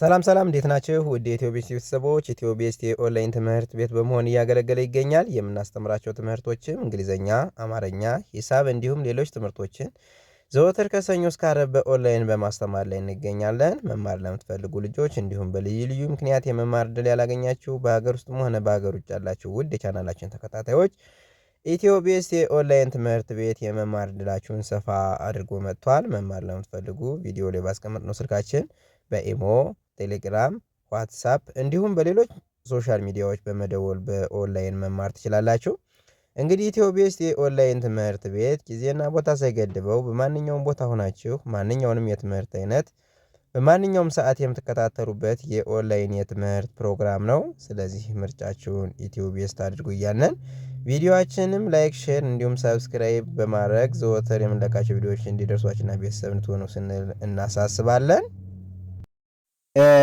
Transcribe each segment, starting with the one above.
ሰላም ሰላም እንዴት ናችሁ? ውድ ኢትዮ ቤተሰቦች ኢትዮ ኦንላይን ትምህርት ቤት በመሆን እያገለገለ ይገኛል። የምናስተምራቸው ትምህርቶችም እንግሊዝኛ፣ አማርኛ፣ ሂሳብ እንዲሁም ሌሎች ትምህርቶችን ዘወትር ከሰኞ እስከ ዓርብ በኦንላይን በማስተማር ላይ እንገኛለን። መማር ለምትፈልጉ ልጆች እንዲሁም በልዩ ልዩ ምክንያት የመማር እድል ያላገኛችሁ በሀገር ውስጥም ሆነ በሀገር ውጭ ያላችሁ ውድ የቻናላችን ተከታታዮች ኢትዮቤስ የኦንላይን ትምህርት ቤት የመማር ዕድላችሁን ሰፋ አድርጎ መጥቷል። መማር ለምትፈልጉ ቪዲዮ ላይ ባስቀመጥነው ስልካችን በኢሞ ቴሌግራም፣ ዋትሳፕ እንዲሁም በሌሎች ሶሻል ሚዲያዎች በመደወል በኦንላይን መማር ትችላላችሁ። እንግዲህ ኢትዮቤስት የኦንላይን ትምህርት ቤት ጊዜና ቦታ ሳይገድበው በማንኛውም ቦታ ሆናችሁ ማንኛውንም የትምህርት አይነት በማንኛውም ሰዓት የምትከታተሉበት የኦንላይን የትምህርት ፕሮግራም ነው። ስለዚህ ምርጫችሁን ኢትዮቤስት ቤስት አድርጉ እያለን ቪዲዮችንም ላይክ፣ ሼር እንዲሁም ሰብስክራይብ በማድረግ ዘወትር የምንለቃቸው ቪዲዮዎች እንዲደርሷችና ቤተሰብ እንድትሆኑ ስንል እናሳስባለን።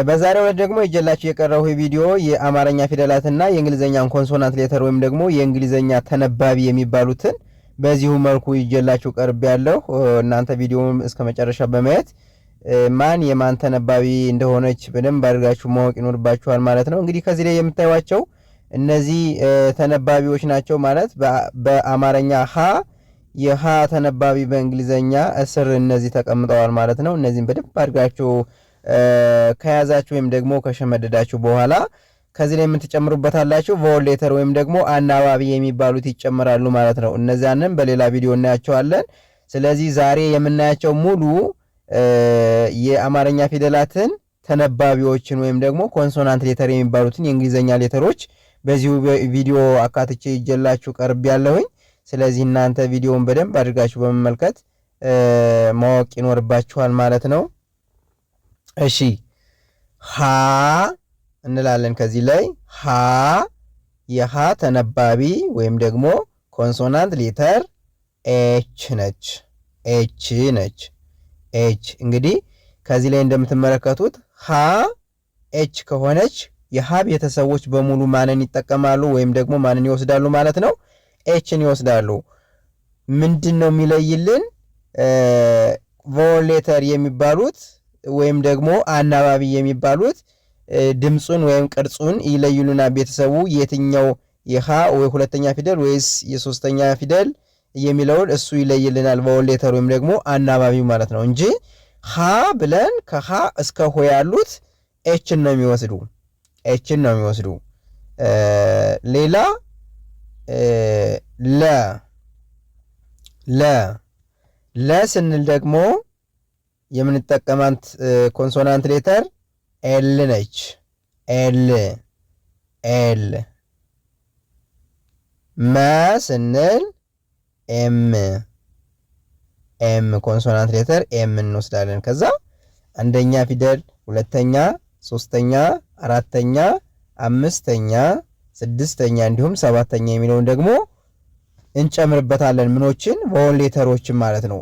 በዛሬው ዕለት ደግሞ ይጀላችሁ የቀረው ቪዲዮ የአማርኛ ፊደላትና የእንግሊዝኛን ኮንሶናንት ሌተር ወይም ደግሞ የእንግሊዝኛ ተነባቢ የሚባሉትን በዚሁ መልኩ ይጀላችሁ ቀርብ ያለው እናንተ ቪዲዮውን እስከ መጨረሻ በማየት ማን የማን ተነባቢ እንደሆነች በደንብ አድርጋችሁ ማወቅ ይኖርባችኋል ማለት ነው። እንግዲህ ከዚህ ላይ የምታዩቸው እነዚህ ተነባቢዎች ናቸው ማለት በአማርኛ ሀ የሀ ተነባቢ በእንግሊዝኛ እስር እነዚህ ተቀምጠዋል ማለት ነው። እነዚህም በደንብ አድርጋችሁ ከያዛችሁ ወይም ደግሞ ከሸመደዳችሁ በኋላ ከዚህ ላይ የምትጨምሩበታላችሁ አላችሁ ቮሌተር ወይም ደግሞ አናባቢ የሚባሉት ይጨምራሉ ማለት ነው። እነዚያንም በሌላ ቪዲዮ እናያቸዋለን። ስለዚህ ዛሬ የምናያቸው ሙሉ የአማርኛ ፊደላትን ተነባቢዎችን ወይም ደግሞ ኮንሶናንት ሌተር የሚባሉትን የእንግሊዝኛ ሌተሮች በዚሁ ቪዲዮ አካትቼ ይጀላችሁ ቀርብ ያለሁኝ። ስለዚህ እናንተ ቪዲዮውን በደንብ አድርጋችሁ በመመልከት ማወቅ ይኖርባችኋል ማለት ነው። እሺ ሀ እንላለን። ከዚህ ላይ ሀ የሀ ተነባቢ ወይም ደግሞ ኮንሶናንት ሌተር ኤች ነች። ኤች ነች። ኤች እንግዲህ ከዚህ ላይ እንደምትመለከቱት ሀ ኤች ከሆነች የሀ ቤተሰቦች በሙሉ ማንን ይጠቀማሉ ወይም ደግሞ ማንን ይወስዳሉ ማለት ነው? ኤችን ይወስዳሉ። ምንድን ነው የሚለይልን ቮሌተር የሚባሉት ወይም ደግሞ አናባቢ የሚባሉት ድምፁን ወይም ቅርጹን ይለዩሉና ቤተሰቡ የትኛው የሃ ወይ ሁለተኛ ፊደል ወይስ የሶስተኛ ፊደል የሚለውን እሱ ይለይልናል። ቫወል ወይም ደግሞ አናባቢው ማለት ነው እንጂ ሃ ብለን ከሃ እስከ ሆ ያሉት ኤችን ነው የሚወስዱ ኤችን ነው የሚወስዱ። ሌላ ለ ለ ለ ስንል ደግሞ የምንጠቀማት ኮንሶናንት ሌተር ኤል ነች። ኤል ኤል መ ስንል ኤም ኤም ኮንሶናንት ሌተር ኤም እንወስዳለን። ከዛ አንደኛ ፊደል፣ ሁለተኛ፣ ሶስተኛ፣ አራተኛ፣ አምስተኛ፣ ስድስተኛ እንዲሁም ሰባተኛ የሚለውን ደግሞ እንጨምርበታለን። ምኖችን ቮወል ሌተሮችን ማለት ነው።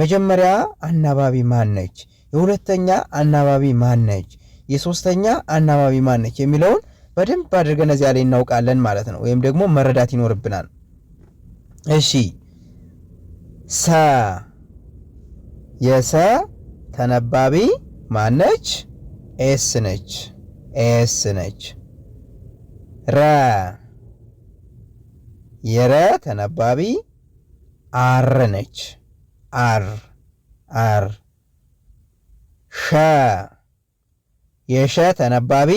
መጀመሪያ አናባቢ ማን ነች፣ የሁለተኛ አናባቢ ማን ነች፣ የሶስተኛ አናባቢ ማን ነች የሚለውን በደንብ አድርገን እዚያ ላይ እናውቃለን ማለት ነው፣ ወይም ደግሞ መረዳት ይኖርብናል። እሺ ሰ የሰ ተነባቢ ማነች? ኤስ ነች። ኤስ ነች። ረ የረ ተነባቢ አር ነች። አር አር ሸ የሸ ተነባቢ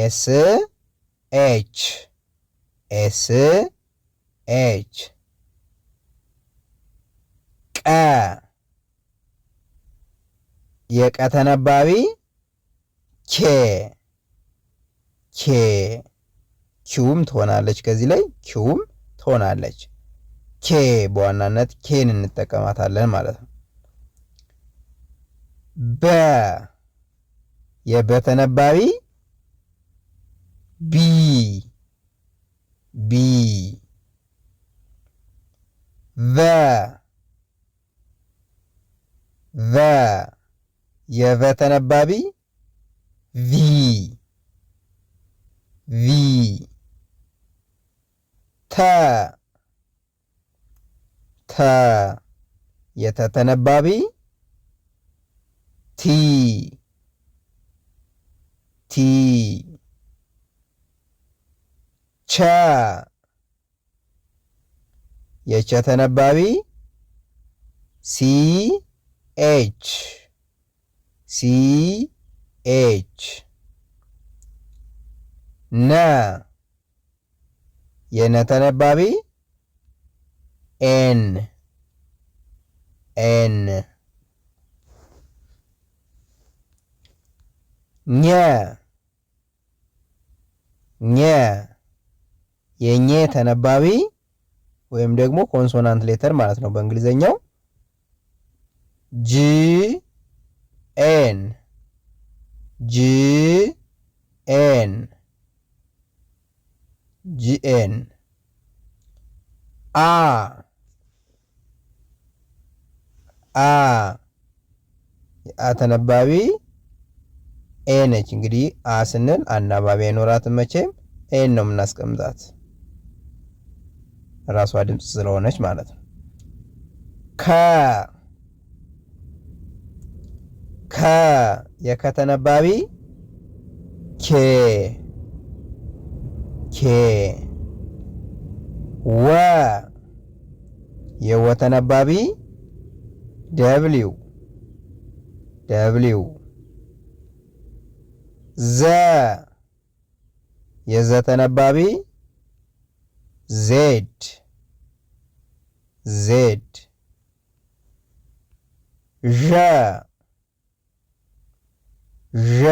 ኤስ ኤች ኤስ ኤች ቀ የቀ ተነባቢ ኬ ኬ ኪውም ትሆናለች። ከዚህ ላይ ኪውም ትሆናለች። ኬ በዋናነት ኬን እንጠቀማታለን ማለት ነው። በ የበተነባቢ ቢ ቢ ቨ ቨ የበተነባቢ ቪ ቪ ተ ተ የተተነባቢ ቲ ቲ ቸ የቸ ተነባቢ ሲ ኤች ሲ ኤች ነ የነ ተነባቢ ኤን ኤን ኘ ኘ የኘ ተነባቢ ወይም ደግሞ ኮንሶናንት ሌተር ማለት ነው በእንግሊዘኛው። ጂ ኤን ጂ ኤን ጂ ኤን አ አ የአ ተነባቢ ኤ ነች። እንግዲህ አ ስንል አናባቢ አይኖራትም መቼም ኤን ነው የምናስቀምጣት ራሷ ድምፅ ስለሆነች ማለት ነው። ከ ከ የከተነባቢ ኬ ኬ ወ የወተነባቢ ደብሊው ደብሊው ዘ የዘ ተነባቢ ዜድ ዜድ ዠ ዠ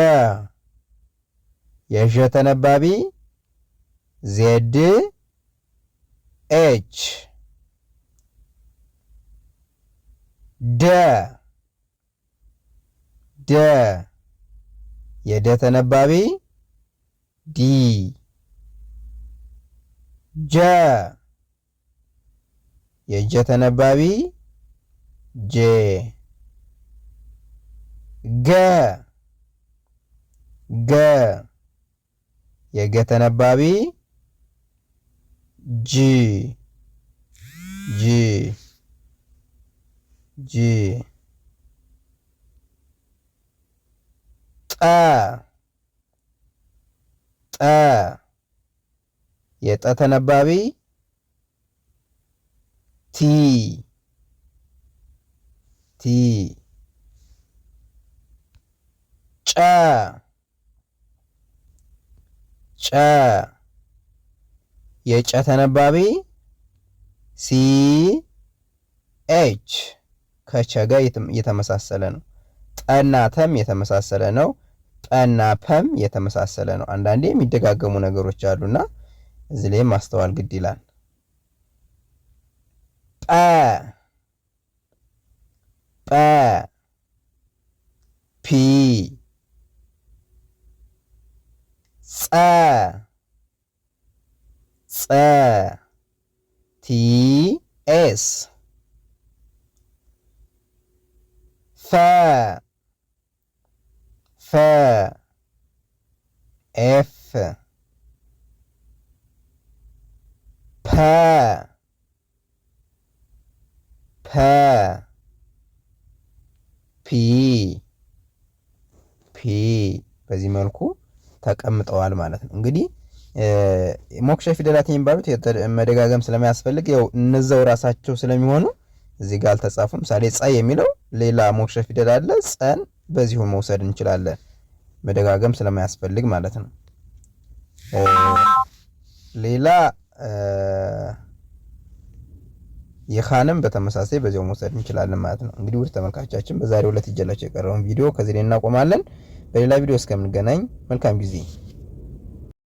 የዠ ተነባቢ ዜድ ኤች ደ ደ የደ ተነባቢ ዲ ጀ የጀ ተነባቢ ጄ ገ ገ የገ ተነባቢ ጂ ጂ ጅ ጠ ጠ የጠ ተነባቢ ቲ ቲ ጨ ጨ የጨ ተነባቢ ሲ ኤች ከቸጋ የተመሳሰለ ነው። ጠና ተም የተመሳሰለ ነው። ጠና ፐም የተመሳሰለ ነው። አንዳንዴ የሚደጋገሙ ነገሮች አሉና እዚህ ላይ ማስተዋል ግድ ይላል። ጠ ጠ ፒ ጸ ጸ ፈ ፈ ኤፍ ፐ ፐ ፒ ፒ በዚህ መልኩ ተቀምጠዋል ማለት ነው። እንግዲህ ሞክሸ ፊደላት የሚባሉት መደጋገም ስለማያስፈልግ ያው እነዛው ራሳቸው ስለሚሆኑ እዚህ ጋር አልተጻፉም። ምሳሌ ፀ የሚለው ሌላ መውሰድ ፊደል አለ ጸን በዚሁ መውሰድ እንችላለን። መደጋገም ስለማያስፈልግ ማለት ነው። ሌላ የኻንም በተመሳሳይ በዚያው መውሰድ እንችላለን ማለት ነው። እንግዲህ ውድ ተመልካቻችን በዛሬው ዕለት ይዤላችሁ የቀረውን ቪዲዮ ከዚህ ላይ እናቆማለን። በሌላ ቪዲዮ እስከምንገናኝ መልካም ጊዜ